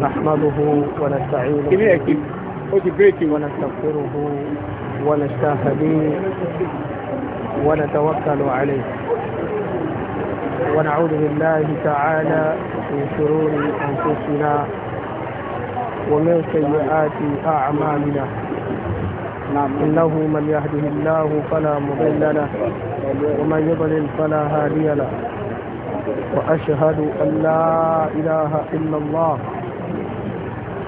نحمده ونستعينه ونستغفره ونستهديه ونتوكل عليه ونعوذ بالله تعالى من شرور انفسنا ومن سيئات اعمالنا انه من يهده الله فلا مضل له ومن يضلل فلا هادي له واشهد ان لا اله الا الله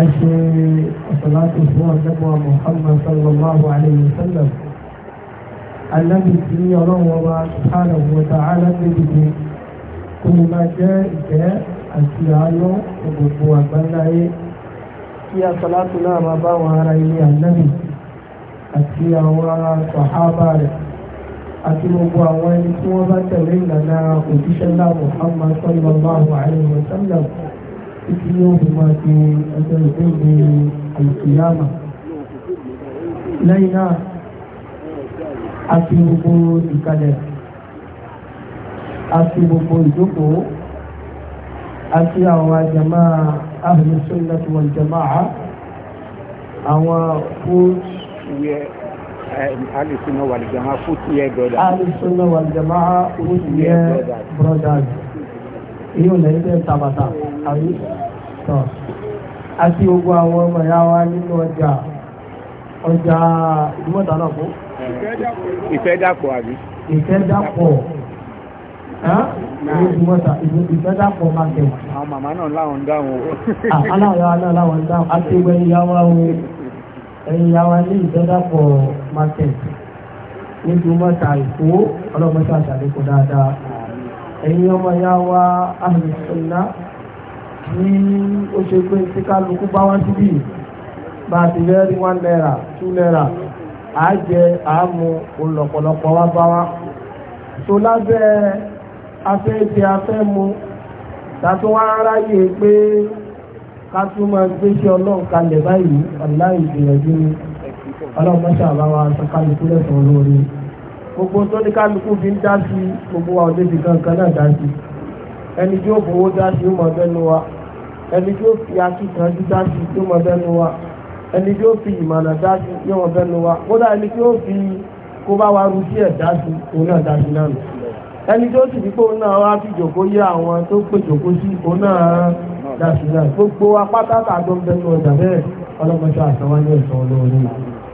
àṣẹ ọ̀sọ̀láṣẹ̀ fún ọ̀dẹ́gbọ́n Muhammad sallallahu alayhi wa sallam alábi tí ọlọ́run ọba subhanahu wa ta'ala alábẹ́bìdì kó lè máa jẹ́ ìkẹ́ àti àánú gbogbo àgbáńláyé kí asọ̀láṣẹ̀ náà máa bá wọn ara ilé alábi àti àwọn sàhábà rẹ̀ àti gbogbo àwọn ẹni tí wọ́n bá tẹ̀lé ìlànà òjíṣẹ́ ńlá Muhammad sallallahu alayhi wa sallam títí yóò fi máa ṣe ẹjọ́ ìgbéǹde àìsíyàmà lẹ́yìn náà a ti gbogbo ìkàlẹ̀ a ti àwọn àjàmá ahlu sunnah wal jama'a àwọn coach eh, ahlu sunnah wal jama'a foot year brothers ahlu èyí ò lẹ́yìn bẹ́ẹ̀ tàbàtà àbí tọ̀ àti ogun àwọn ọmọ ìyá wa nínú ọjà ọjà ìmọ̀ta náà kú. ìfẹ́ dàpọ̀ àbí. ìfẹ́ dàpọ̀ ìlú ìmọ̀ta ìfẹ́ dàpọ̀ máa tẹ̀. àwọn màmá náà láwọn ń dáhùn o. aláwọ̀ náà láwọn ń dáhùn àti ìwé ìyá wa o ẹ̀yìn ìyá wa ní ìfẹ́ dàpọ̀ máa tẹ̀. níbi ìmọ̀ta ìfowó ọlọ́mọṣẹ́ àṣàlẹ́kọ̀ọ́ dáadáa ẹ̀yin ọmọ ya wa àmìsọ̀nà ní ó ṣe pé tí kálukú bá wá síbí bá a ti rẹ́ rí one naira two naira àá jẹ àámu olọ̀pọ̀lọpọ̀ wá bá wa. tó lábẹ́ afẹ́ ti mu tàbí wọ́n aráyè pé ká tún máa gbéṣẹ́ ọlọ́run kalẹ̀ báyìí ọ̀la ìgbìyànjú ni ọlọ́run mọ́ṣáà sọ kálukú lẹ́sàn lórí gbogbo tó ní kálukú fi ń dá sí gbogbo wa òde fi kankan náà dá sí ẹni tí ó fowó dá sí ó mọ bẹnu wa ẹni tí ó fi akíkanjú dá sí ó mọ bẹnu wa ẹni tí ó fi ìmọ̀nà dá sí ó mọ bẹnu wa kódà ẹni tí ó fi kó bá wa ru sí ẹ̀ dá sí òun náà dá sí náà nù ẹni tó sì dípò náà wá fi jòkó yé àwọn tó pè jòkó sí ipò náà dá sí náà gbogbo apátá tàbí ọmọdé ọjà bẹ́ẹ̀ ọlọ́mọṣẹ́ àtàwọn ilé ìtàn olóorí náà.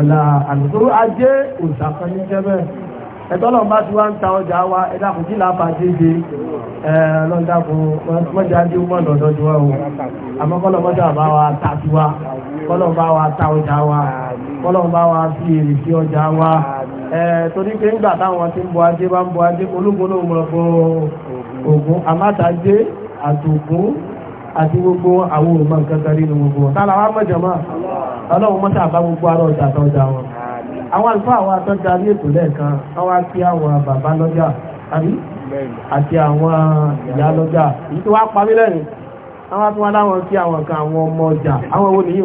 ọ̀la àlùkòrò ajé òṣàkan ní jẹ́bẹ̀ ẹ̀tọ́lọ̀ bá ti wá ń ta ọjà wa ẹ̀dàkùn jí láàbà dédé ẹ̀ẹ́lọ́dàkùn mọ́jà dé mọ́ lọ́dọ́ ju wa o àmọ́ kọ́lọ̀ mọ́jà bá wa ta ti wa kọ́lọ̀ bá wa ta ọjà wa kọ́lọ̀ bá wa fi èrè sí ọjà wa ẹ̀ẹ́ torí pé ńgbà àti gbogbo àwọn olùmọ̀ nǹkan kan nínú gbogbo wọn tálà wá mọ̀jọ̀mọ́ ọlọ́run mọ́ta àbá gbogbo ara ọjà àtọ́jà wọn àwọn àlùfáà àwọn àtọ́jà ní ètò lẹ́ẹ̀kan wọ́n wá kí àwọn bàbá lọ́jà àbí àti àwọn ìyá lọ́jà èyí tó wá parí lẹ́yìn àwọn tó wá láwọn kí àwọn kan àwọn ọmọ ọjà àwọn owó nìyí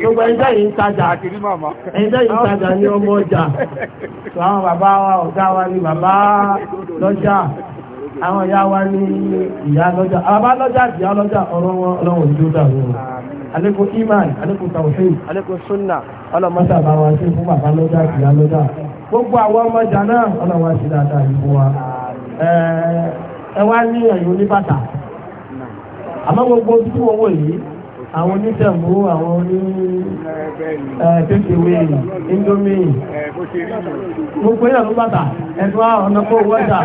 gbogbo ẹjẹ́ àwọn ya wa ní ìyá lọ́jà àbá lọ́jà àti ìyá lọ́jà ọ̀rọ̀ tí ó dàrú wọn alẹ́kùn iman sunna ọlọ́mọdà bá wa sí fún bàbá lọ́jà àti ìyá lọ́jà gbogbo àwọn ọmọjà náà ọlọ́wà sí dáadáa ìbò wa ẹ wá ní àmọ́ gbogbo yìí àwọn onítẹ̀mú àwọn oní indomie gbogbo yẹn ló bàtà ẹ̀dùn àwọn ọ̀nà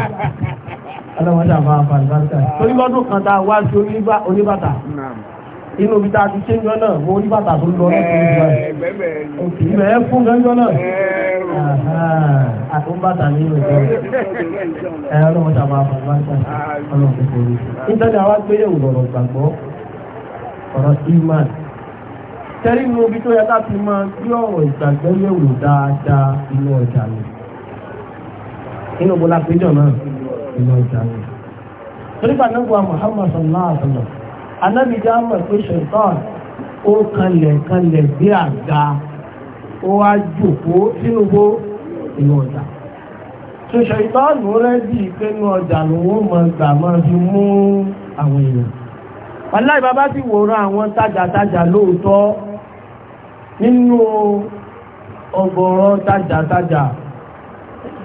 ọlọ́mọdé àbá àbàlùbáríkà torí lọ́dún kan tá a wá sí oníbàtà inú ibi tá a ti ṣe ń jọ náà mo oníbàtà tó ń lọ lọ́dún ìgbà ẹ̀ fún gánjọ́ náà àtúbàtà ní ìlú ìjọ ẹ̀ ọlọ́mọdé àbá àbàlùbáríkà ọlọ́mọdé kò rí nítorí àwa gbéyẹ̀wò lọ́rọ̀ gbàgbọ́ ọ̀rọ̀ iman tẹ́rí inú ibi tó yẹ láti máa gbé ọ̀rọ̀ ìgbàgbọ́ yẹ̀wò dáadáa inú ọjà mi inú bọ́lá péjọ náà ìlú ọjà rẹ̀. torípa nígbà Muhammad sallallahu alaihi wasallam anábìjá mọ̀ pé ṣèǹtàn ó kanlẹ̀ kanlẹ̀ bí àga ó wá jòkó sínú bó ìlú ọjà. ṣèṣe ìtọ́nù rẹ̀ bí ìpinnu ọjà ló wọ́n mọ̀ gbà máa fi mú àwọn èèyàn. wàláì bàbá ti wòran àwọn tajàtajà lóòótọ́ nínú ọgọ́rọ̀ tajàtajà.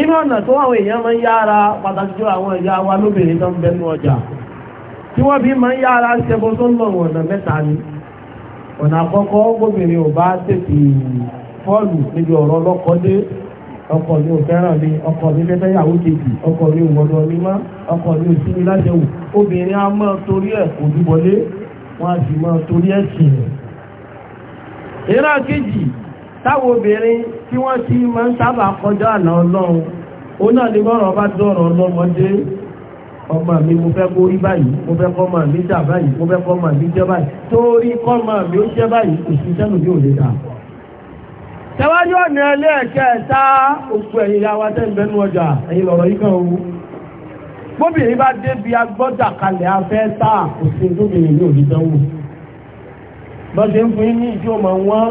inú ọ̀nà tó àwọn èèyàn máa ń yára pàtàkì jọ àwọn ẹ̀yà wa lóbìnrin tó ń bẹnu ọjà tí wọ́n fi máa ń yára ṣẹbọ tó ń lọ ọ̀nà mẹ́ta ni ọ̀nà àkọ́kọ́ gómìnrin ò bá tètè fọ́ọ̀lù níbi ọ̀rọ̀ ọlọ́kọ dé ọkọ mi ò fẹ́ràn mi ọkọ mi fẹ́ fẹ́yàwó kejì ọkọ mi ò wọ́dọ̀ mi mọ́ ọkọ mi ò sí mi láti wù obìnrin a máa torí ẹ̀ kò dúbọlé wọ́n á sì máa torí ẹ̀ sìn. ìrà táwọn obìnrin tí wọ́n ti máa ń sábà kọjá àná ọlọ́run ó náà ní bọ́rọ̀ bá dọ̀rọ̀ ọlọ́mọdé ọmọ mi mo fẹ́ kó rí báyìí mo fẹ́ kọ́ ọmọ mi dà báyìí mo fẹ́ kọ́ ọmọ mi jẹ́ báyìí torí kọ́ ọmọ mi ó jẹ́ báyìí kò sí sẹ́nu bí ò lè dà. tẹ́wájú ọ̀nà ilé ẹ̀kẹ́ẹ̀ta òkú ẹ̀yìn ya wa tẹ́ ń bẹnu ọjà ẹ̀yìn lọ̀rọ̀ yìí kan owó. bóbìnrin bá débi agbọ́dà kalẹ̀ afẹ́ tá kò sí tóbìnrin ní òdìdánwò. lọ́sẹ̀ ń fún yín ní ìjọ́ mọ̀ wọ́n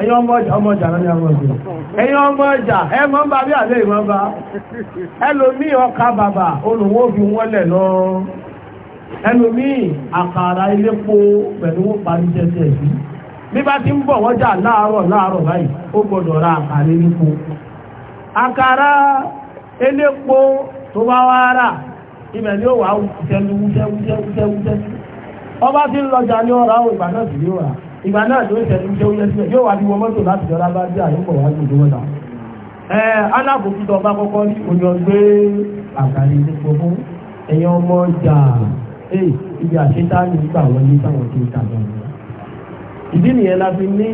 ẹ̀yin ọmọ ọjà ọmọ ọjà lọ́nà ọmọ ọjà ẹ̀yin ọmọ ọjà ẹ mọ́ bá bí àlẹ́ ìmọ̀ bá ẹlòmíì ọkà bàbà olùwọ́ wọ́lẹ̀ lọ ẹlòmíì àkàrà ilépo pẹ̀lú parí jẹjẹ sí bí bá ti ra àkàrà ilépo àkàrà ilépo tó bá wá rà ibẹ̀ ni ó wà wúṣẹ́ wúṣẹ́ wúṣẹ́ ìgbà náà ló ṣẹ̀lú iṣẹ́ ó yẹ sílẹ̀ yóò wá ní wọ mọ́tò láti jọra bá bí àyíkọ̀ wá gbogbo mọ́ta ẹ alábòkútọ̀ bá kọ́kọ́ ní ojú ọgbẹ́ àkàrí nípo fún ẹ̀yìn ọmọ ọjà ẹ̀ eh, ibi àṣetáàlì nígbà wọlé táwọn tó ń tàbí ọ̀rọ̀ ìdí nìyẹn la fi ní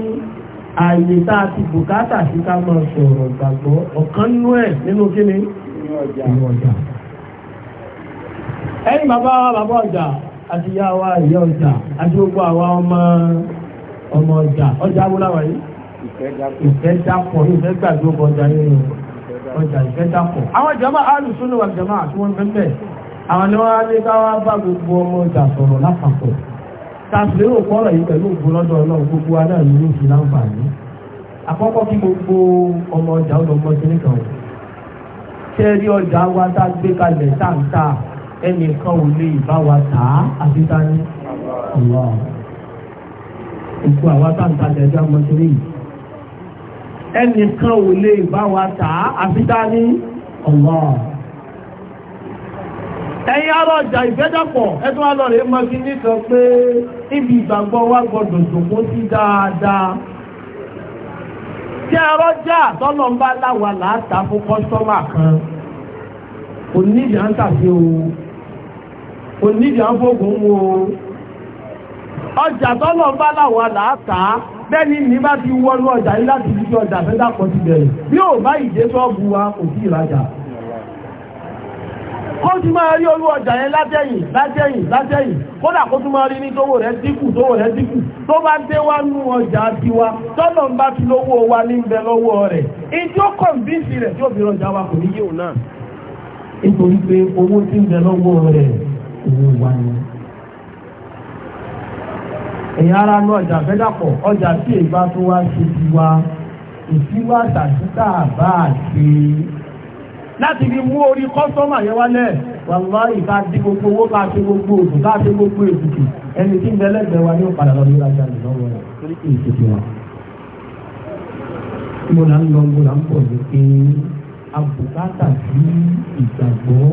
ààyè tá a ti bùkátà sí ká máa sọ̀rọ̀ gbàgbọ́ ọ̀kan nú ẹ̀ nínú kíni ìwọ̀n ọjà ẹ̀yìn bàbá wa bàbá ọjà àti ìyá wa ìyá ọjà àti gbogbo àwa ọmọ ọmọ ọjà ọjà awúláwà yìí ìfẹ́ dàpọ̀ ìfẹ́ gbàdúgbò ọjà yìí ọjà ìfẹ́ dàpọ̀. àwọn jama alùsùn wà jama àti wọn fẹ́ bẹ́ẹ̀ àwọn ni wọ́n á ní ká wá bá gbogbo ọmọ ọjà sọ̀rọ̀ lápapọ̀ tàbílẹ̀ òkú ọ̀rọ̀ yìí pẹ̀lú òkú lọ́dọ̀ ọlọ́run gbogbo wa náà ní òfin láǹfààní àkọ́kọ́ kí gbogbo ọmọ ọjà ọlọ́mọ sí nìkan o tẹ́rí ọjà wa tá a gbé kalẹ̀ táǹtà ẹnìkan ò lè bá wa tà á àfi tá òkú àwa tá ń tajà ẹja mọ torí yìí ẹnìkan ò lè bá wa tà á àfi tá ní ọ̀wọ́ ẹ̀yin ará ọjà ìfẹ́dàpọ̀ ẹtún wa lọ́ọ̀rẹ́ mọ kí nìkan pé ibi ìgbàgbọ́ wa gbọdọ̀ dòkó sí dáadáa tí ẹ̀rọ jà tọ́nà ń bá láwa láàtà fún kọ́sítọ́mà kan onídìí à ń tàbí o onídìí à ń fògùn wo. ọjà tọ́lọ̀ bá láwà látàá bẹ́ni ní bá ti wọ́n ọjà yí láti fi ọjà fẹ́ dàpọ̀ ti bẹ̀rẹ̀ bí bá ìdé sọ́ọ̀bù wa kò sí ìrajà ó ti máa rí olú ọjà yẹn látẹ̀yìn látẹ̀yìn látẹ̀yìn kódà kó tún máa rí ní tówó rẹ̀ dínkù tówó rẹ̀ dínkù tó bá dé wá nú ọjà tiwa tí ó fi rọjà lọ́wọ́ wà ní ẹ̀yin ara lọ ọjà fẹ́ ọjà tí èèbá tó wá ṣe ti wá èsì wá tàṣítà bá a ṣe. láti fi mú orí kọ́sọ́mà yẹn wálẹ̀ wàlúwà ìka dín gbogbo owó ká ṣe gbogbo òògùn ká ṣe gbogbo èkìtì ẹni tí ń bẹ lẹ́gbẹ̀ẹ́ wa ní lè lọ́wọ́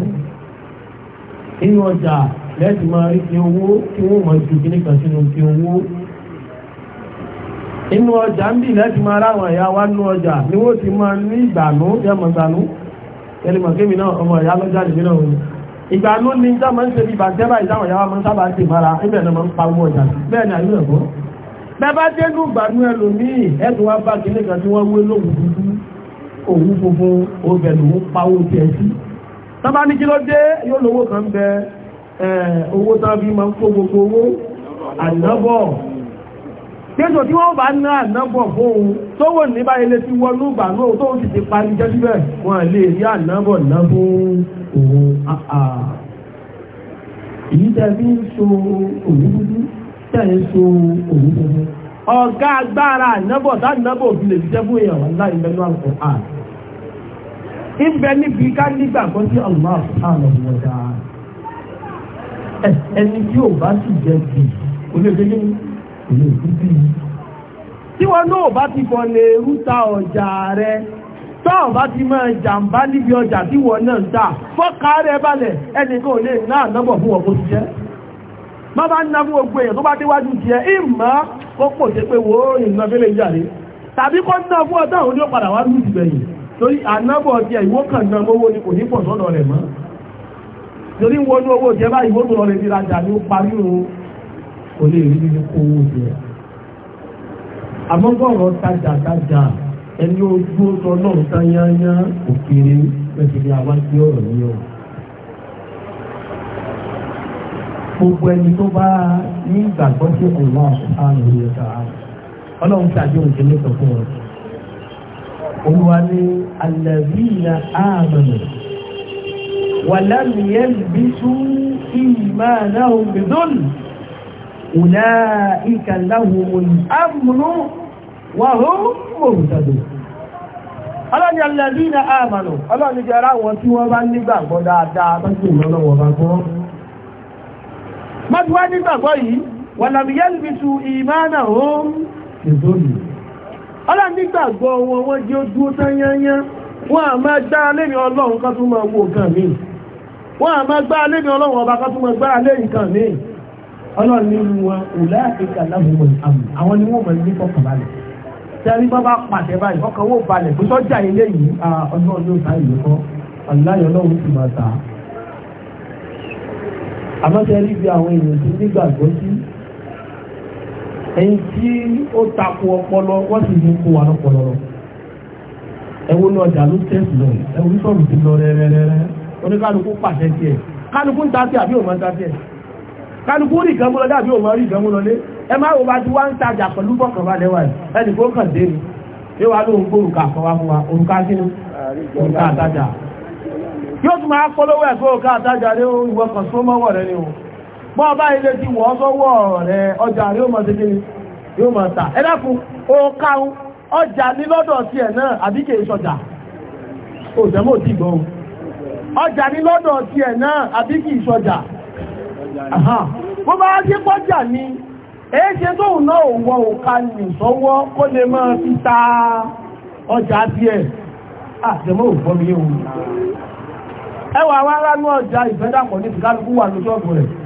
nínú ọjà lẹ́sìn máa rí ti owó tí wọ́n mọ̀ ju kí nìkan sínú ti owó inú ọjà ń bì lẹ́sìn máa ráwọn ẹ̀yà wá nínú ọjà ni wọ́n ti máa ní ìgbànú yẹ́mọ̀ ìgbànú ẹlẹ́mọ̀ kémi náà ọmọ ìyá lọ́jà nìbí náà wọ́n ìgbànú ni tá máa ń ṣe bí ìbàjẹ́ báyìí táwọn ìyá wa máa ń sábà ṣe ìmọ̀ra ibẹ̀ náà máa ń pa owó ọjà bẹ́ẹ̀ ni àyúrẹ̀ bọ́ bẹ́ẹ̀ bá dénú ìgbànú ẹlòmíì ẹ̀dùn wá bá tọ́bá ní kí ló dé yóò lówó kan bẹ owó tàbí ma ń kó gbogbo owó ànábọ̀ pẹ́sọ̀ tí wọ́n bá ná ànábọ̀ fóun tó wò ní báyìí lè ti wọnú ìgbà náà tó sì ti parí jẹ́ síbẹ̀ wọ́n lè rí ànábọ̀ ná fún òun èyí tẹ́bí ń so òun dúdú tẹ́yẹ so òun dúdú ọ̀gá agbára ànábọ̀ tá ànábọ̀ òfin lè fi jẹ́ fún èèyàn wà láì mẹ́nu àlùkò ààrẹ ibẹ̀ níbi ká nígbàgbọ́ sí Allah subhanahu wa ta'ala ẹni tí o bá ti jẹ bi kò lè gbé ní lè tí wọn náà bá ti lè ọjà rẹ tọ́ọ̀ bá ti máa jàǹbá níbi ọjà tí wọn náà ń fọ́ka rẹ balẹ̀ lè fún ti jẹ́. má bá ń èèyàn tó bá déwájú tiẹ̀ ìmọ̀ pòṣe pé ìnáfẹ́lẹ́ ìjà rẹ tàbí torí ànábọ̀ jẹ ìwó kàndán owó ni kò ní pọ̀ sọ́dọ̀ rẹ̀ mọ́ torí wọnú owó jẹ bá ìwó tó lọ rẹ̀ nírajà ní ó parí òun kò lè rí nínú owó jẹ àmọ́gọ́rọ̀ tajà tajà ẹni ojú ọ̀tọ̀ náà tanyanya òkèrè pẹ̀sìlẹ̀ àwájú ọ̀rọ̀ ní ọ̀ gbogbo ẹni tó bá ní ìgbàgbọ́ sí ọ̀la àrùn ìyẹ̀ta ọlọ́run tí àjọ òjò ní sọ fún ọ̀rọ̀ olúwa ní alẹ́bíyà ààmàmì wàlámìyàn bí tún ìmá náà mìdún ọ̀nà ìkàláhùn àmúrú wàhó mọ̀rùtàdù ọlọ́ni alẹ́bíyà ààmàmì ọlọ́ni jẹ́ ara wọn tí wọ́n bá nígbàgbọ́ dáadáa tó sì lọ́lọ́wọ́ bá gbọ́ mọ́tíwá nígbàgbọ́ yìí wàlámìyàn bí tún ìmá náà mìdún ọlá nígbàgbọ́ wọn wọ́n jẹ́ dúró tányányán wọ́n a máa gbára lẹ́ni ọlọ́run kan tún máa wo nǹkan mi wọ́n a máa gbára lẹ́ni ọlọ́run ọba kan tún máa gbára lẹ́yìn nǹkan mi ọlọ́run nínú wọn ò láàkíkà láwùmọ̀ àwọn ni wọ́n mọ̀ ní fọkànbalẹ̀ tí a rí bá bá pàṣẹ báyìí ọkàn wò balẹ̀ pé sọ́jà ilé yìí ọlọ́run ta ìlú kọ́ aláyọ̀ ọlọ́run sì máa ta àmọ́ tẹ́lí bí àwọn èèyàn ti nígbàgbọ́ sí ẹni tí ó takò ọpọlọ wọ́n sì mú kó wa lọ ní ọjà ló lọ ti lọ pàṣẹ ń tasí àbí òun máa ń tasí rí ìgbẹ́mú lọ òun máa rí ìgbẹ́mú lọ ẹ wo bá ti wá ń tajà pẹ̀lú ẹnì kó kàn dé mi yóò wá fún wa òrùka òrùka àtajà yóò tún máa òrùka àtajà ní bọ́ ọba ilé ti wọ́ sọ́wọ́ rẹ̀ ọjà yóò máa yóò máa tà ó ọjà ní lọ́dọ̀ ẹ̀ náà àbí ìṣọ́jà tí gbọ́n ọjà ní lọ́dọ̀ tiẹ̀ náà bá pọ́jà náà òwò òka nì sọ́wọ́ kó lè máa fi ta ọjà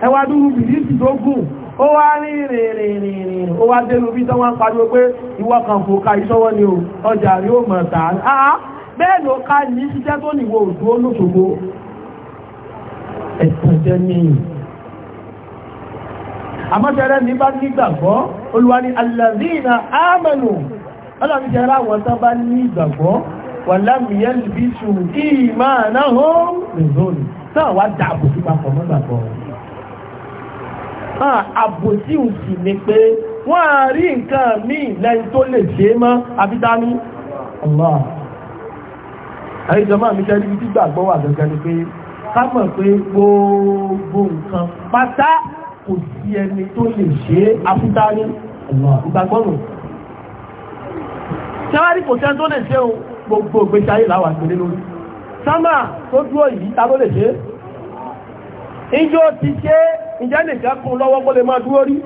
ẹwà dúró bìlíìsì tó gùn ó wá rí rìnrìnrìn ó wá dénú bí tán wá ń pariwo pé ìwọ kan kò ka ìṣọwọ́ ni o ọjà rí ó mọ̀ tà á bẹ́ẹ̀ ló ká ní ṣiṣẹ́ tó nìwọ òdúró lóṣogbo ẹ̀sán jẹ́ níyìn àmọ́tẹ̀rẹ́ ní bá nígbàgbọ́ olúwa ní alàzíìnà àmànù ọlọ́mìtẹ̀rẹ́ àwọn tán bá nígbàgbọ́ wà lámìyàn bí ṣù kí ìmáà náà hó lè zóòlù náà wá dáàbò sí papọ̀ mọ́gbàgbọ́ rẹ̀ àbòsí òsì ni pé wọ́n á rí nǹkan míì lẹ́yìn tó lè ṣe mọ́ àbídání Allah ẹ̀yìnjọmọ́ mi tẹ́lú ibi tí gbàgbọ́ wà gẹ́gẹ́ ni pé ká mọ̀ pé gbogbo nǹkan pátá kò sí ẹni tó lè ṣe àbídání ìgbàgbọ́ nù ṣẹ́wárí kò sẹ́ni tó lè ṣe ohun gbogbo ìgbésí ayé làwà pẹ̀lú lórí sámà tó dúró yìí ta ló lè ṣe ìjọ ti ṣe ìjẹ́ nìkan kún lọ́wọ́ kó lè máa dúró rí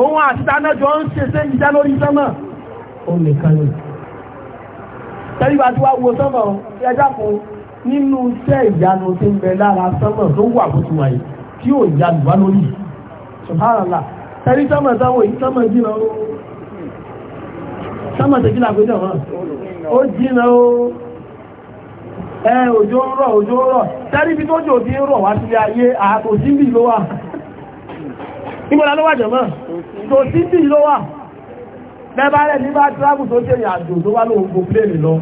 òun àti tánájọ ń ṣe sí ìjẹ́ lórí sánmà o nìkan ni tẹ́lifà tí wàá wo sánmà ẹja fún nínú iṣẹ́ ìyanu tí ń bẹ lára sánmà tó wà bó ti wáyé tí ò ya lùbá lórí ṣùgbọ́nàlá tẹ́lí sánmà sáwọn èyí sánmà jìnà ó sánmà tẹ́jìnà pé jọ̀wọ́n ó jìnà ó ẹ òjò ń rọ̀ òjò ń rọ̀ tẹ́ríbi tó jò tí ń rọ̀ wá sílé ayé lo ló wà ìgbọ́nà ló wà jẹ̀mọ́ tó síbì ló wà bẹ́bá rẹ̀ ní bá tíráàbù tó jẹ́ ìrìnàjò tó wá lóògbò pléèlì lọ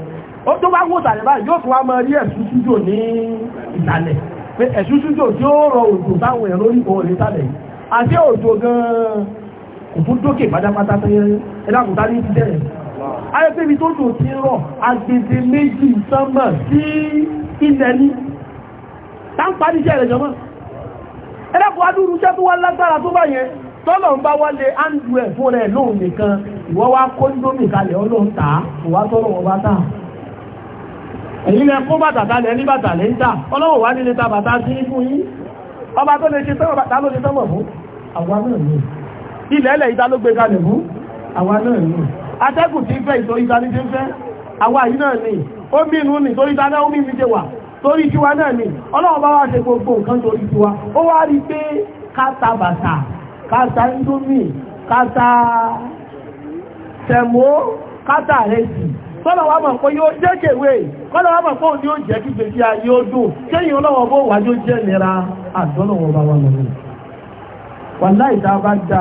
ó tó bá lẹ́bá yóò wá mọ rí ẹ̀sùn sújò ní ìsàlẹ̀ pé ẹ̀sùn sújò tí ó rọ gan ayẹ́pẹ́bi tó dùn sí rọ̀ agbègbè méjì sánmà sí ilẹ̀ ní táǹparí iṣẹ́ rẹ̀ jọmọ́ ẹlẹ́kùn adúrú iṣẹ́ tó wá lágbára tó bá yẹn tọ́lọ̀ ń bá wálé áńdù ẹ̀ fún rẹ̀ lóhun nìkan ìwọ́ wá kó lómi kalẹ̀ ọlọ́run tà á kò wá tọ́lọ̀ wọn bá tà èyí lẹ kó bàtà kalẹ̀ ní bàtà lè ń tà ọlọ́run wá nílé ta bàtà sí fún yín ọba tó lè ṣe atẹ́kùn ti ń fẹ́ ìtorí ta ti ń fẹ́ na náà ni ó mìínú ni torí ta ó wà torí ni bá wá gbogbo nǹkan torí ó wá rí pé káta bàtà káta indomie káta tẹ̀mó káta rẹ̀sì kọ́lọ̀ wá mọ̀ pé yóò jẹ́ kèwé kọ́lọ̀ wá mọ̀ pé òní ó jẹ́ kí gbèsè ayé ó dùn kéyìn ọlọ́wọ́ bó wà yóò jẹ́ nira bá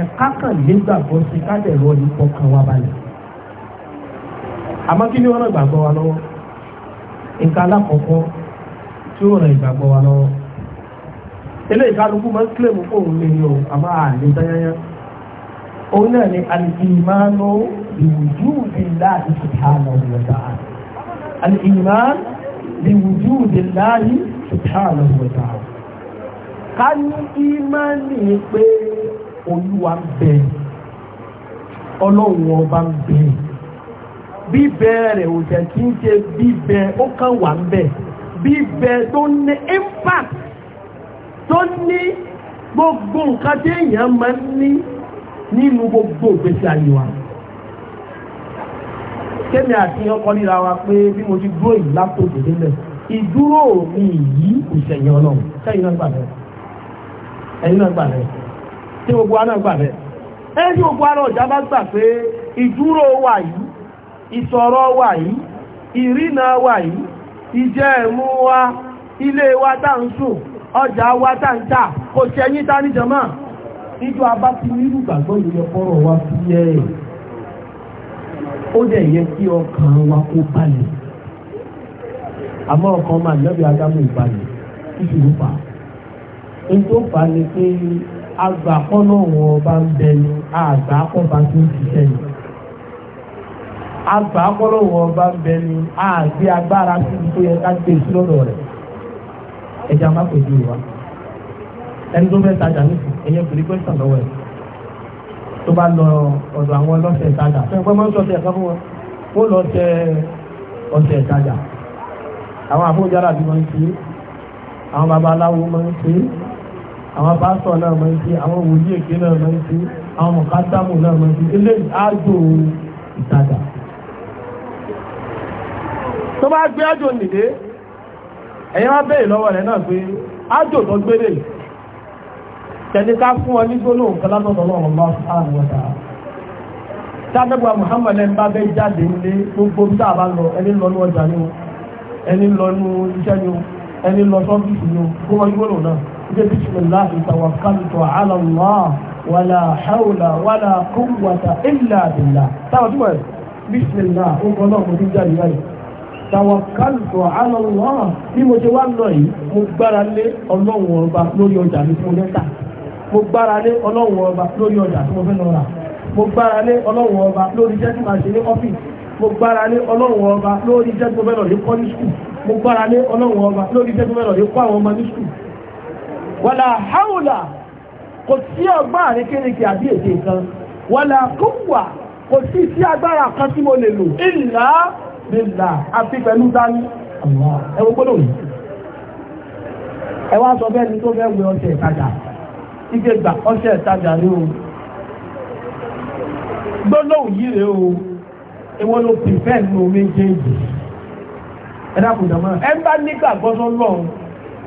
ẹ̀ka kan nígbàgbọ́ sí kádẹ̀rọ ìpọ̀ kan wá balẹ̀ àmọ́ kí ni wọ́n ràn ìgbàgbọ́ wa lọ́wọ́ nǹkan alákọ̀ọ́kọ́ tí ó ràn ìgbàgbọ́ wa lọ́wọ́ ilé ìkálukú máa ń kílèmù fóun lè ní àmọ́ àlè dáyáyá ni olúwa ń bẹ ọlọ́run ọba ń bẹ bíbẹ rẹ̀ ò jẹ́ kí n ṣe bíbẹ ó kàn wà ń bẹ bíbẹ tó ní impact tó ní gbogbo nǹkan tí èèyàn máa ń ní nínú gbogbo ìgbésí ayé wa kémi àti ọkọ níra wa pé bí mo ti dúró yìí látòkè délẹ̀ ìdúró mi yìí kò ṣẹ̀yìn ọlọ́run sẹ́yìn náà gbà lẹ́yìn náà gbà lẹ́yìn. tí gbogbo aná gbà bẹ́ẹ̀ ẹ́ gbogbo iduro ọ̀já bá gbà pé ìdúró wà yìí ìsọ̀rọ̀ wà wa ilé wa tá ń sùn ọjà wa tá ń tà kò ṣẹyìn tá ní jọmọ́ níjọ abá ti ní irú gbàgbọ́ ìlú wa fi yẹ ẹ̀ ó dẹ̀ yẹ kí ọkàn wa kó balẹ̀ àmọ́ ọkàn máa lọ́bí ìbalẹ̀ fà á ní tó fà á ni agbàkọ́nà wọn ọba ń bẹ ni àgbàkọ́ba tó ń ṣiṣẹ́ ni agbàkọ́nà wọn ọba ń bẹ ni àgbé agbára síbi tó yẹ ká gbé sí lọ́dọ̀ rẹ̀ ẹ̀jẹ̀ máa pè jù wá ẹni tó fẹ́ tajà nìkan ẹ̀yẹ kò ní pẹ́ sàn lọ́wọ́ ẹ̀ tó bá lọ ọ̀dọ̀ àwọn ọlọ́sẹ̀ ìtajà fẹ́ pẹ́ máa ń sọ̀tẹ̀ ẹ̀ka fún wọn wọ́n lọ tẹ ọ̀sẹ̀ ìtajà àwọn àfọ̀jára bí wọ́n ń ṣe àwọn babaláwo máa ń ṣe àwọn pásítọ̀ náà máa ń ṣe àwọn wòlíì èké náà máa ń ṣe àwọn mọ̀kátámù náà máa ń ṣe eléyìí ájò ìtajà. tó bá gbé ájò nìdé ẹ̀yin wá bẹ̀rẹ̀ lọ́wọ́ rẹ̀ náà pé ájò tó gbélé tẹ̀lé ká fún ọ ní gbólóhùn kan látọ̀dọ̀ ọlọ́run bá àrùn ọ̀tà tádẹ́gbà Muhammad ẹni bá bẹ́ jáde nílé gbogbo tá a bá lọ ẹni lọ́nu ọjà ni o ẹni lọ́nu iṣẹ́ ni ẹni lọ sọ́fíìsì ni o kó náà jẹ́ bismillah tawakkaltu ala Allah wàlà hawla wàlà quwwata illa billah táwọn túbọ̀ rẹ̀ bismillah ó kọ́ náà mo ti jáde láyé tawakkaltu ala Allah bí mo ṣe wá lọ yìí mo gbára lé ọlọ́run ọba lórí ọjà mi fún lẹ́tà mo gbára lé ọlọ́run ọba lórí ọjà tí mo fẹ́ lọ rà mo gbára lé ọlọ́run ọba lórí iṣẹ́ tí màá ṣe ní ọ́fíìsì mo gbára lé ọlọ́run ọba lórí iṣẹ́ tí mo fẹ́ lọ rí kọ́ ní skul mo gbára lé ọlọ́run ọba lórí iṣẹ́ tí mo fẹ́ lọ rí kọ́ àwọn ọmọ ní skul wàlà haúlà kò sí ọgbọ́n àrékérekè àbí èdè kan wàlà kúwà kò sí sí agbára kan tí mo lè lò ìlà bìlà àti pẹ̀lú dání ẹwọ gbọ́dọ̀ yìí ẹwà sọ bẹ́ẹ̀ ni tó fẹ́ wẹ ọṣẹ ìtajà ike gbà ọṣẹ ìtajà ní o gbọ́dọ̀ yìí rèé o èwo ló pìfẹ́ nù méjèèjì ẹ̀dá kò dàmọ́ ẹ̀ ń bá nígbàgbọ́sọ́ lọ́run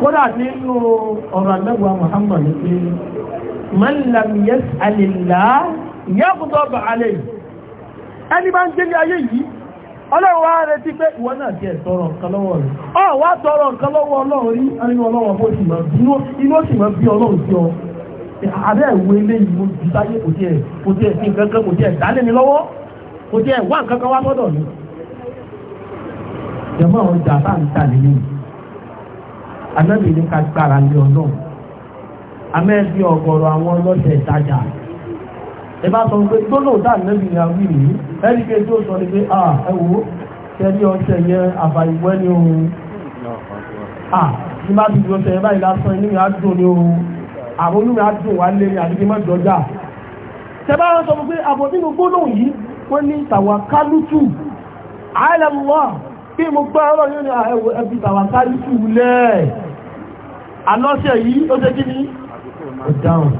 kódà nínú ọ̀rọ̀ àgbẹ̀wò Muhammad pé man lam yas'alillah yaghdab alayhi ẹni bá ń gbélé ayé yìí ọlọ́run wá retí pé ìwọ náà jẹ́ rẹ̀ ọ tọrọ ọlọ́run rí ọlọ́run bó bí ọlọ́run ọ anábì ní ká gbára lé ọlọ́run amẹ́bí ọ̀gọ̀rọ̀ àwọn ọlọ́sẹ̀ ìtajà ẹ bá sọ pé tó lò dá anábì ní awí yìí ẹni pé tó sọ ni pé à ẹ wò ó tẹ́lí ọṣẹ yẹn àbàyíwẹ́ ni òun à ní má ti di ọṣẹ yẹn báyìí lásán inú mi á dùn ni òun àwọn olúmi á dùn wá lé ní àdídí má dọjà tẹ bá sọ pé àbọ̀ nínú gbólóhùn yìí wọ́n ní tàwákálùtù àìlẹ́mùwà bí mo gbọ́ ọ̀rọ̀ yóò ní ẹbí tàwákálùtù lẹ́ẹ̀ alọ́sẹ̀ yìí ó ṣe kí ni ó dáhùn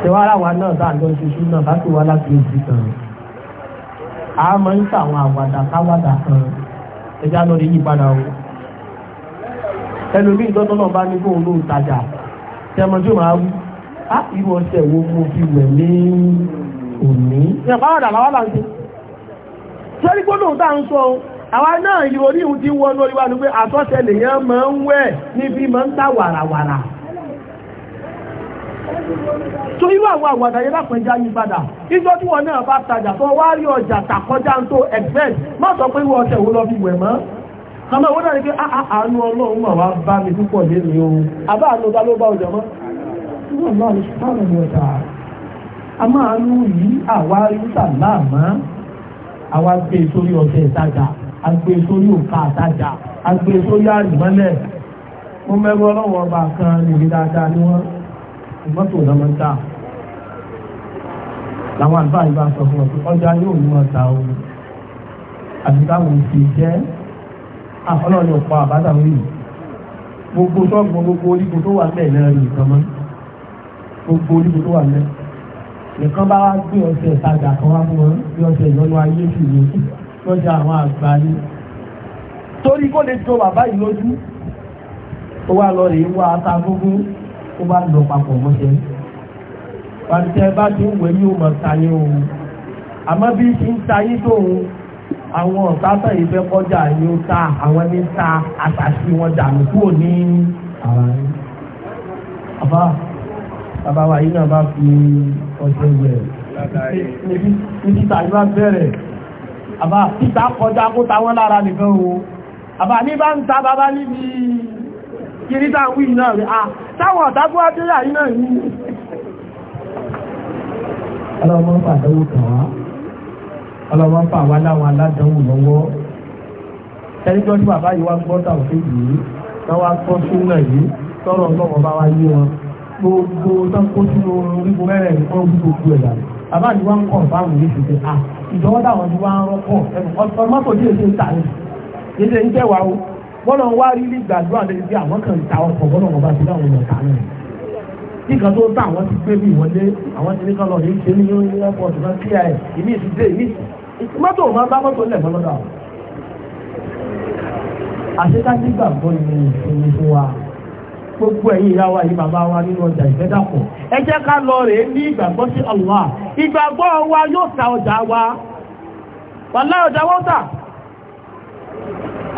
tẹwàá wa náà bá lọ ṣoṣo náà bá tó wá láti ojú kan a máa ń tàwọn àwàdà káwàdà kan ẹja lọ rí yí padà o ẹlòmíì tọ́tọ́ náà bá ní fóun ló ń tajà tẹmọ tí ó máa wú á irú ọṣẹ wo mo fi wẹ̀ ní òní. ìyàpá àwàdà làwọn là ń ṣe ń sọ àwa náà ìlú orí ìhun ti wọ́n lórí wa ní pé àtọ́sẹ̀ lèyàn máa ń wẹ̀ níbi máa ń ta wàràwàrà tó irú àwọn àwàdà yẹn yí padà náà bá tajà wá rí ọjà tàkọjá ń tó ẹgbẹ́ má sọ pé wọ́n ọ̀sẹ̀ wo lọ wẹ̀ mọ́ ọmọ ìwọ́n náà ah, ah, àánú ọlọ́run mà bá mi púpọ̀ lẹ́nu àbá àánú ló bá ọjà mọ́ ìwọ̀n náà ni àwa gbé e sórí ọ̀sẹ̀ ìtajà agbé e sórí òkà àtajà agbé e sórí àjùmọ́lẹ̀ mo mẹ́rù ọlọ́wọ́ ọba kan níbi dáadáa ni wọ́n mọ́tò náà máa ń tà làwọn àgbà yìí bá sọ fún ọ pé ọjà yóò ní wọn ta o àti káwọn ti jẹ́ ọlọ́run ọ̀pá àbádà orí gbogbo sọ́ọ̀gbọ̀n gbogbo orígun tó wà mẹ́ẹ̀ náà rí nǹkan mọ́ gbogbo orígun tó wà mẹ́ẹ̀ nìkan bá wá gbé ọ̀sẹ̀ ìtajà kan wá fún wọn bí ọ̀sẹ̀ ìlọ́nu ayé sì ni lọ́jà àwọn àgbà ni. torí kó lè tó bàbá yìí lójú ó wá lọ rèé wá ata gbogbo ó bá lọ papọ̀ mọ́ṣẹ́. pàṣẹ bá ti ń wẹ̀ yóò mọ̀ tayé o àmọ́ bí ti ń tayé tóun àwọn ọ̀tá tán yìí fẹ́ kọjá yóò ta àwọn ní ta àtàṣí wọn dànù kúrò ní àwọn àbá bàbá wa yìí náà bá fi ọjọ́ rẹ̀ níbi tàbí bá bẹ̀rẹ̀ àbá títà kọjá kó táwọn lára nìkan o àbá ní bá ń ta bàbá níbi kìrítà wí náà rẹ̀ à táwọn ọ̀tágbó abẹ́rẹ́ àyí náà yìí ọlọ́mọ ń pàdánwò kàn wá ọlọ́mọ ń pa wá láwọn aládánwò lọ́wọ́ ẹni tó ní bàbá yìí wá gbọ́ tàwọn kéjì yìí wọ́n wá gbọ́ súnmọ̀ yìí tọ́rọ̀ ọlọ́mọ bá wá yé wọn gbogbo tán kó sínú orígun mẹ́rẹ̀ nǹkan ojú gbogbo ẹ̀dá bàbá ni wọ́n ń kọ̀ báwọn ní ṣe ṣe à ìjọba táwọn ti wá ń rọ́pọ̀ ọ̀sán mọ́tò díẹ̀ ṣe ń tà ní ṣe ń jẹ́wàá o bọ́lọ̀ ń wá rí ní gbàdúrà lẹ́yìn bí àwọn kan ta ọkọ̀ bọ́lọ̀ wọn bá ti dáwọn ọ̀tá náà kí nǹkan tó ń àwọn ti gbé bí ìwọlé àwọn ti ní kan lọ rí ṣe ní airport gbogbo ẹ̀yìn ìyá wa yìí bàbá wa nínú ọjà ìfẹ́dàpọ̀ ẹ jẹ́ lọ rèé ní ìgbàgbọ́ sí Allah ìgbàgbọ́ wa yóò ta ọjà wa wàlá ọjà wọ́n tà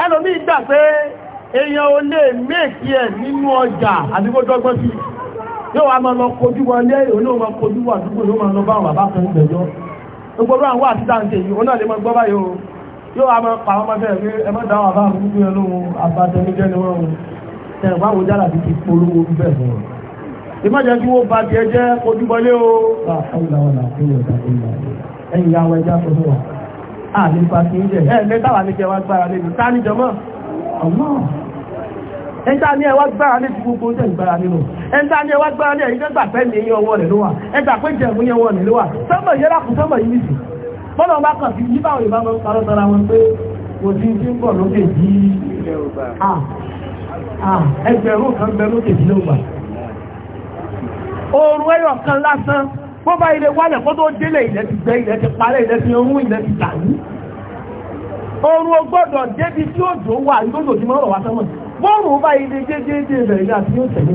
ẹlòmí ìgbà pé èèyàn ò lè méèkì ẹ̀ nínú ọjà sí yóò wá máa lọ kojú wọn lé kojú ló máa lọ bá gbogbo yìí ó náà lè máa gbọ́ báyìí o yóò wá máa àwọn ẹ̀ wá wo dára fi polówó bẹ̀ fún ọ. ìmájà tí wọ́n ba tiẹ̀ jẹ́ ojúbọlé o. ẹ̀yin àwọn ẹja tó fún wa a lè fa kí n jẹ ẹ mẹ́ta wà ní kẹwàá gbára lé mi ta ni jọmọ ọmọ ẹ̀ta ní ẹwà gbára lé ti gbogbo jẹ́ ìgbára nínú ẹ̀ta ní ẹwà gbára lé ẹ̀yìn tẹ́gbà pẹ́ ní ẹyìn ọwọ́ rẹ̀ ló wà ẹ̀ta pé jẹ̀mú yẹn wọ̀ rẹ̀ ló wà sọ́mọ̀ yẹ́rà kù sọ́mọ̀ yìí nìsí bọ́lá ọba kan sí yíbáwọn ìbámu parọ́ sara wọn pé kò sí ti ń bọ̀ lókè yìí Ah, ẹgbẹ̀rún kan bẹ lókè sí lóògbà oòrùn ẹyọ kan lásán bó bá ilé wálẹ̀ kó tó délé ilẹ̀ ti gbẹ ilẹ̀ ti parẹ́ ilẹ̀ ti orún ilẹ̀ ti tàní oòrùn ọgbọ́dọ̀ débi tí ó dò wà lóòdò tí mọ́rọ̀ wá sánmọ̀ bóòrùn bá ilé dédédé bẹ̀rẹ̀ ní àti yóò tẹ̀lé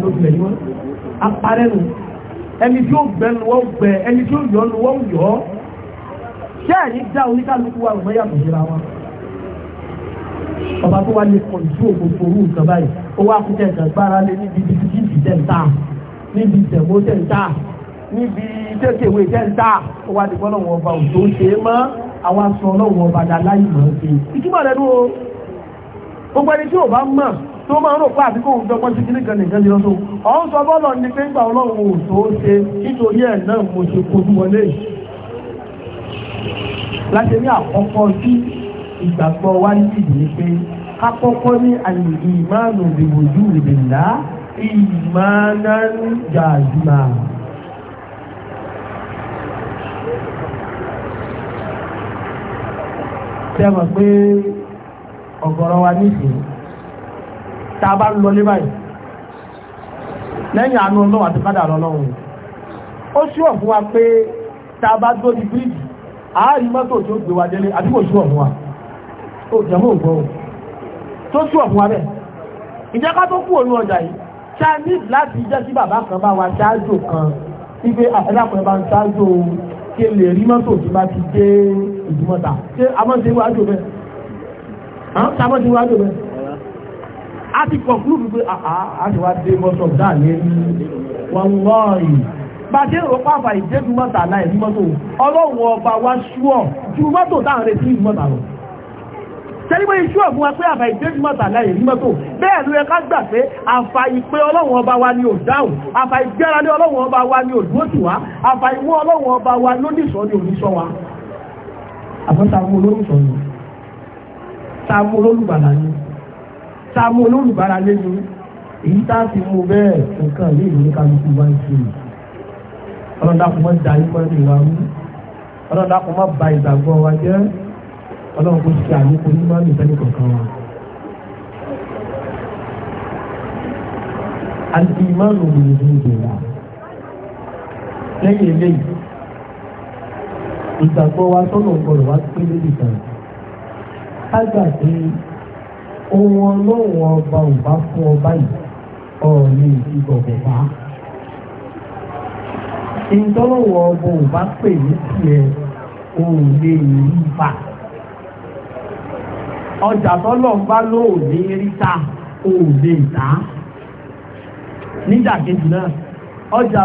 lórí wa ọba tó wá lè kọ̀ǹtó gbogbo orú nǹkan báyìí ó wá kú tẹ̀ gbára lé níbi bisikíìtì tẹ̀ ń tà níbi ìtẹ̀mó tẹ̀ ń tà níbi tẹ̀kẹ̀wé tẹ̀ ń tà ó wá di bọ́lọ̀ wọn ọba òjò ṣe é mọ́ àwọn aṣọ ọlọ́run ọba dá láyé mọ́ ṣe. ìtumọ̀ rẹ̀ ló gbogbo ẹni tí ò bá mọ̀ tó máa ń rò pé àti kó òun dọ́gbọ́n sí kí nìkan nìkan ni lọ́sọ̀ ọ̀hún sọ bọ́ọ̀lọ̀ ni pé nígbà ọlọ́run ò tó ṣe nítorí ẹ̀ náà mo ṣe kojú wọlé láti ní àkọ́kọ́ sí ìgbàgbọ́ wa ń sì ní pé ká kọ́kọ́ ní àyè ìmánu ìwòjú ìbìlá ìmánan jàzìmà. Tẹ́mọ̀ pé ọ̀gọ̀rọ̀ wa nísìn, tá a bá ń lọ lé báyìí, lẹ́yìn àánú ọlọ́wà ti kádà lọ́lọ́run. Ó ṣúọ̀ fún wa pé tá a bá dó di bíríjì, àárí mọ́tò tí gbé wa délé, àdúgbò ṣúọ̀ fún wa òjòmó ògbọ́ o tó sú ọ̀fún wa bẹ́ẹ̀ ìjẹ́ká tó kú òun ọjà yìí ṣá ní láti jẹ́ sí bàbá kan bá wa ṣáájò kan wípé àfẹ́lápẹ́ bá ń ṣáájò kí lè rí mọ́tò tí bá ti dé ìdúmọ̀ta ṣé amọ́ṣe wájú bẹ́ẹ̀ àwọn ṣàmọ́ṣe wájú a ti kọ̀kúrú wípé àtiwá dé mọ́tò dáà ní wọn lọ́ọ̀rì bàtẹ́ òpá àfà ìdẹ́gbùmọ́ta láì rí mọ́tò ọlọ́run ọba tẹ́lẹ́gbẹ́ iṣu ọ̀fún wa pé àbà ìjẹ́júmọ̀ tàlẹ́ ìrí mọ́tò bẹ́ẹ̀ ló yẹ ká gbà pé àfàì pé ọlọ́run ọba wa ni ò dáhùn àfàì gbẹ́ra lé ọlọ́run ọba wa ni ò dúró tì wá àfàì mú ọlọ́run ọba wa lónìṣọ́ ni òníṣọ́ wa. àfọ́ta mú olórùsọ ni ta mú olólùbàlà ni ta mú olólùbàlà lé ni èyí tá a ti mú bẹ́ẹ̀ nǹkan lé ìlú kálukú wá ń ṣe ọlọ́dàkùnmọ́ da ikọ́ ọlọ́run kò ṣe àlékún ní máa ń lùfẹ́ ní kankan wa. àti ìmáàlù òun ìlú ìgbéra lẹ́yìn eléyìí ìgbàgbọ́ wa sọ́nà ọgbọ̀rọ̀ wa pé lórí kan ká gbà pé ohun ọlọ́run ọba ò bá fún ọ báyìí ọ̀ọ́ni ìgbọ̀gbọ̀ bá ìtọ́lọ́wọ́ ọba ò bá pè ní tiẹ̀ òun lè rí bá. ọjà tọ́lọ̀ ń bá lóòdì ríta òòdì ìta nídàkejì náà ọjà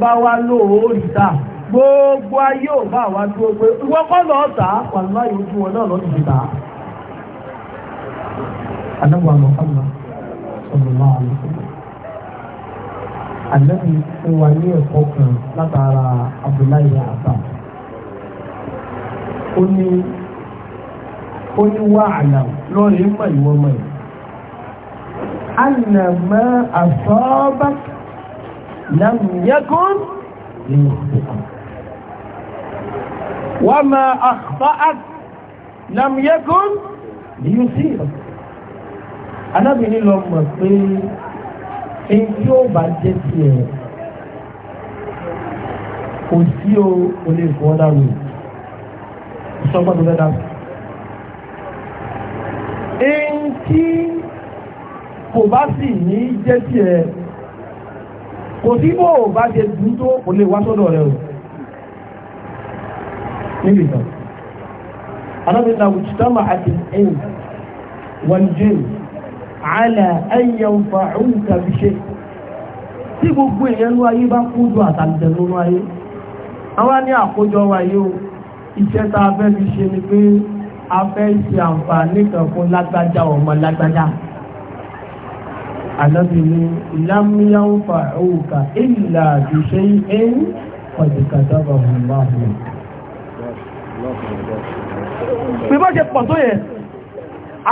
bá wá lóòdì ríta gbogbo ayé ò bá wá dúró pé ìwọ kọ́ lọ ọ̀tà pàlọ́ wọn náà lọ́dún ìta. máa lọ ó ní wá àlà lọ́rẹ̀ mọ̀ ìwọ mọ̀ ẹ̀ anna ma asọ́ọ́bá lam yakun wa ma akhta'ak lam yakun liyusira anábìnrin lọ mọ̀ pé èyí ó bá jẹ́ tiẹ̀ kò sí o olè fọ́ dárò ìṣọ́gbọ́n tó fẹ́ dárò tí kò bá sì ní jẹ́ tí ẹ kò sí bó bá jẹ dùn tó kò lè wá sọ́dọ̀ rẹ̀ o níbi ìtàn anábìnà òtítọ́mà àti ẹ̀yìn wọn jẹ́ ẹ̀yàn tàbí ṣe tí gbogbo èèyàn ayé bá kójú àtàlùjẹ̀ ló ayé àwọn ní àkójọ o fi ṣe a fẹ́ ṣe àǹfààní kan fún lágbájá ọmọ lágbájá ànábì ní lámúyáwó fàáwùkà ìlà àdìṣe ẹ̀yìn ọ̀dìkàdàbà ọ̀hùnmáhùn. bí bá ṣe pọ̀ tó yẹ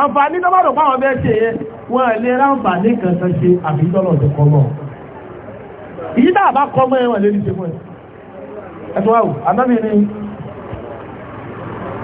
àǹfààní tó bá rò páwọn bẹ́ẹ̀ ṣe yẹ wọ́n lè ráǹfààní kan kan ṣe àbíjọ́lọ̀ tó kọ́ mọ́ ìyí tá àbá kọ́ mọ́ ẹ̀wọ̀n lórí ṣe fún ẹ̀ ẹ̀tọ́ àwò àbẹ́bìnrin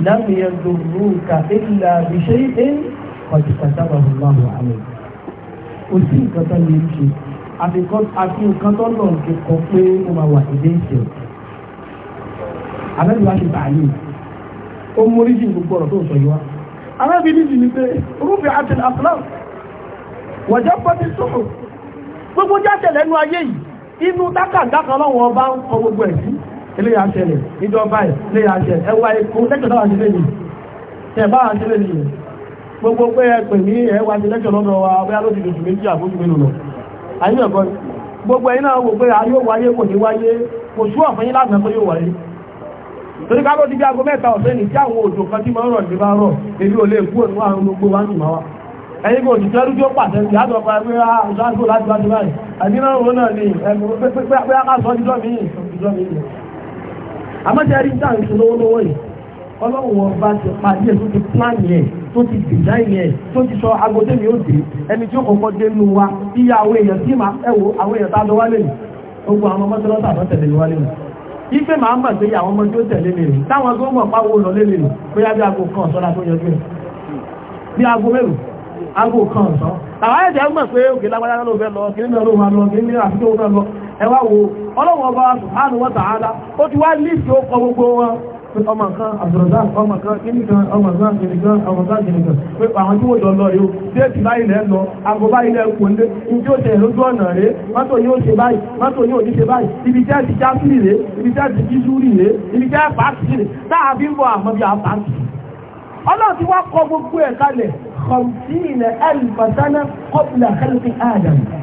لم يضروك إلا بشيء قد كتبه الله عليك kò sí nǹkan tó lè ṣe àfi nǹkan tó lọ ti kọ pé ó máa wà nílé ìṣẹ̀ àbẹ́bí wa ṣe bàálù ó mórí jù gbogbo ọ̀rọ̀ tó sọ yìí wá àbẹ́bí ní jù ní pé rúfin àti àfúlàm wọ̀jọ́ pọ́tí sọ̀rọ̀ gbogbo jáde lẹ́nu ayé yìí inú dákàdákà ọlọ́wọ́ ọba ń kọ gbogbo ẹ̀ sí eléyà ṣẹlẹ̀ ìjọba eléyà ṣẹlẹ̀ ẹwà ikú lẹ́jọ̀ náà ṣe lẹ́yìn tẹ̀bá ṣe lẹ́yìn gbogbo pé ẹgbẹ̀ ní ẹwà ṣe lẹ́jọ̀ náà wò pé a yóò wáyé kò ní wáyé kò sú ọ̀fẹ́ yín láti mẹ́kọ́ yóò wáyé torí ká ló ti bí aago mẹ́ta ọ̀sẹ̀ ní tí àwọn òjò kan tí máa ń rọ̀ ní bá rọ̀ èmi ò lè kú òun àrùn gbogbo wa ń tì máa wá ẹ̀yin kò sì tẹ́rú tí ó pàṣẹ sí àtọ̀ pa ẹgbẹ́ àṣọ àmọ́jáde dá ìṣó lọ́wọ́lọ́wọ́ yìí ọlọ́run wọn bá ti pàdé tó ti plan yẹn tó ti design yẹn tó ti sọ agogo mi ó dé ẹni tí ó kọ́kọ́ dé nu wa iye àwọn èèyàn tí màá ẹ wo àwọn èèyàn tá a lọ wálé mi gbogbo àwọn ọmọ tọ́lọ́tà tó tẹ̀lé mi wálé mi ife màá mọ̀ pé àwọn ọmọ tó tẹ̀lé mi rè táwọn tó mọ̀ pa owó lọ lé mi rè bóyá bí aago kan ọ̀sán la tó yanjú ẹ̀ bí aago mélòó aago kan ọ̀sán àwọn ẹ̀jẹ̀ mọ̀ pé òkè lágbájá ẹwà wo ọlọ́wọ́ bá subhanahu wa ta'ala ó ti wá lífì ó kọ gbogbo wọn pé ọmọ kan àbùrọ̀dá ọmọ kan kìnìkan ọmọ kan kìnìkan ọmọ kan kìnìkan pé àwọn tí wọ́n jọ lọ yóò déètì báyìí lẹ́ lọ aago báyìí lẹ́ kò lé njẹ́ ó tẹ̀lé lójú ọ̀nà rẹ̀ mọ́tò yóò ṣe báyìí mọ́tò yóò ní ṣe báyìí ibi tí a ti já sí rèé ibi tí a ti jí súrì rèé ibi tí a pa sí rèé táà bí ń bọ̀ àmọ́ bí a pa sí. ọlọ́run ti wá kọ gbogbo ẹ̀ kalẹ̀ kọ̀ọ̀tì ilẹ̀ ẹ̀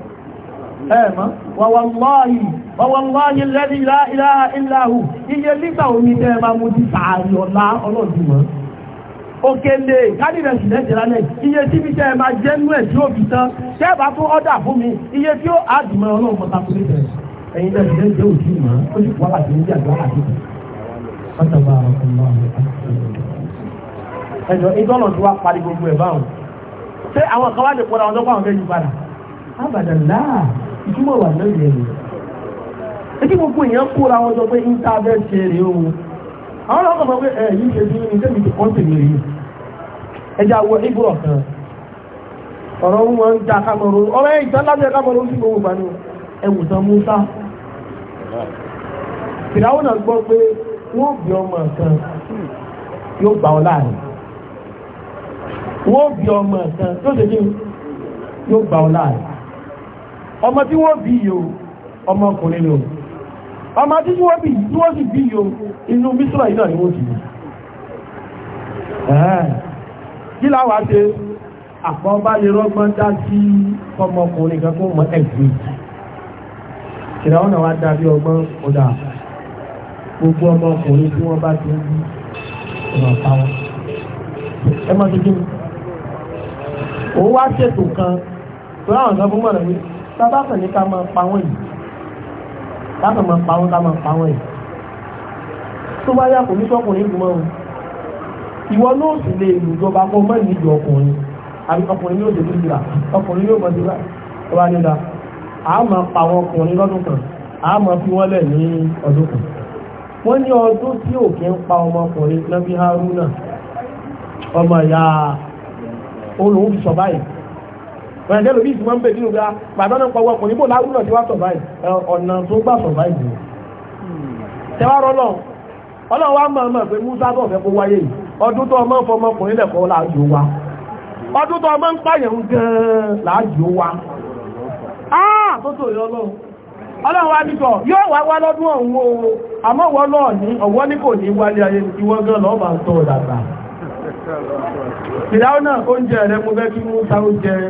ẹ̀mọ́ wàwàláyì lẹ́rí ìlàhà ìlàhù iye lítà omi tẹ́ ma mú ti sàárì ọ̀lá ọlọ́dúnmọ́ òkèlè kádìrẹ̀ sí lẹ́jẹ̀ lálẹ́ iye tí bí tẹ́ ma jẹ́ nú ẹ̀ tí ó fi tán tẹ́ bá fún ọ́dà fún mi iye tí ó àdùnmọ́ ọlọ́run ẹ̀yin náà ṣe ń jẹ́ òjú mọ́ ó sì kọ́ àti ní àgbà àdúgbò pátábà ìtumọ̀ wà náà yẹn ni etí gbogbo èèyàn kóra wọn sọ pé internet ṣe rèé o àwọn ọkọ̀ sọ pé ẹ yìí ṣe bí ní débi tí wọ́n ti lè rí ẹja wọ ibùrọ̀ kan ọ̀rọ̀ wọn ń ja Cameroon ọ̀rọ̀ ẹ̀yìn tán lábẹ́ Cameroon sí gbogbo ìgbà ni ẹ̀wù tán Musa fìdáwò náà gbọ́ pé wọ́n bí ọmọ kan yóò gbà ọ láàrin wọ́n bí ọmọ kan yóò gbà ọ láàrin ọmọ tí wọ́n bí yóò ọmọ ọkùnrin lò ọmọ tí wọ́n bí tí wọ́n sì bí yóò inú mísírà iná ni wọ́n ti bí kí láwá ṣe àpọ̀ bá lè rọ́gbọ́n dá sí ọmọkùnrin kan fún ọmọ ẹ̀gbẹ́ kìlá ọ̀nà wa dábí ọgbọ́n ọ̀dà gbogbo ọmọkùnrin tí wọ́n bá ti ń bí ọ̀nà pa wọn ẹ máa ṣe kí ni òun wá ṣètò kan tó láwọn ọ̀sán fún mọ̀nà wípé bàbá kan ní ká máa pa wọ́n yìí káàkiri máa pa wọ́n ká máa pa wọ́n yìí tó bá yà kò ní sọ́kùnrin gbọ́n o ìwọ náà sì lè lùjọba kó mọ́ ìlú ọkùnrin àbí ọkùnrin yóò dé lùjìlá ọkùnrin yóò mọ̀ sí bá ọba nígbà a máa pa àwọn ọkùnrin lọ́dún kan a máa fi wọ́n lẹ̀ ní ọdún kan wọ́n ní ọdún tí òkè ń pa ọmọkùnrin lọ́bí Haruna ọmọ ìyá olùhùn sọ báyìí ẹ̀jẹ̀ lóbi ìtumọ̀ ń nínú ga pàdánù pọ̀wọ́ ọkùnrin wá survive ọ̀nà tó gbà survive yìí. tẹ́wárọ́ ọlọ́run ọlọ́run wa mọ̀ pé Musa tó fẹ́ kó wáyé ọdún tó ọmọ fọmọ láàjò wa ọdún ọmọ ń pààyàn gan-an láàjò wa. Ah, yóò wá wá lọ́dún o àmọ́ wọ́n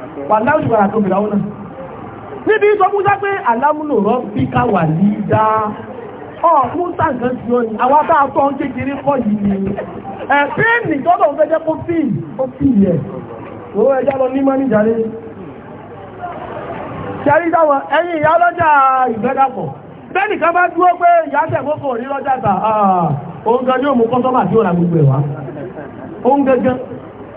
wàláwù ìwà àti òmìnira ọ̀nà níbi sọ pé alámúlò rọ bí wà ní ìdá ọ Musa àwọn abá àtọ ń kékeré kọ yìí ni tọ́lọ̀ ń fẹ́jẹ́ kó ó ẹ̀ owó lọ ní mánìjà rẹ ṣẹ́rí dáwọn ẹ̀yìn ìyá lọ́jà ìgbẹ́dàpọ̀ bẹ́ẹ̀ni ká pé ìyá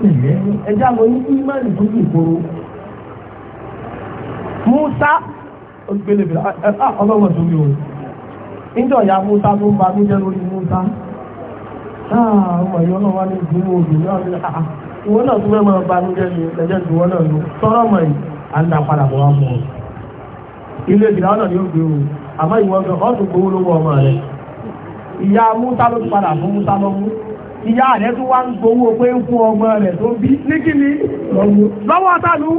ẹjá mo ní ìmọ̀lì tó kì í koro Musa gbélé bìlá ọlọ́wọ́ tó yóò níjọ ìyá Musa tó ń ba mí jẹ́ lórí Musa ọmọ ìyọ́ náà wá ní ìdúró òbí náà ní àá ìwọ náà tó fẹ́ máa ba mí jẹ́ ní ẹ̀jẹ̀ ìdúró náà ló tọ́rọ̀ mọ̀ yìí à ń dá padà bọ̀ mọ̀ o àmọ́ ìwọ gan ọ́ tó gbowó lówó ọmọ rẹ̀ ìyá rẹ̀ tó wá ń gbowó pé ń fún ọmọ rẹ̀ tó bí ní kíni lọ́wọ́ tálú